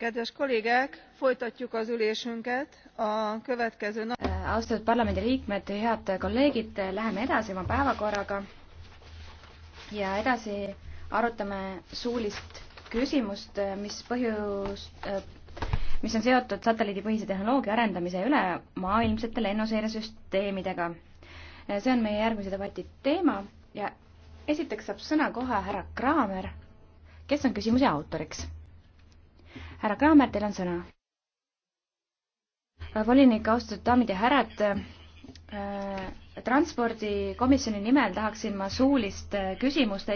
kedves kollégák folytatjuk az ülésünket a következő äh, austatud parlamendi liikmed head kolleegid läheme edasi oma päevakorraga ja edasi arutame suulist küsimust mis põhjus äh, mis on seotud satelliidipõhise tehnoloogia arendamise ülemaailmsete lennuseiresüsteemidega äh, see on meie järgmise debati teema ja esiteks saab sõna kohe härra Kraamer kes on küsimuse autoriks härra Kraamer, teil on sõna. Äh, volinik, austatud daamid ja härrad, äh, transpordikomisjoni nimel tahaksin ma suulist äh, küsimust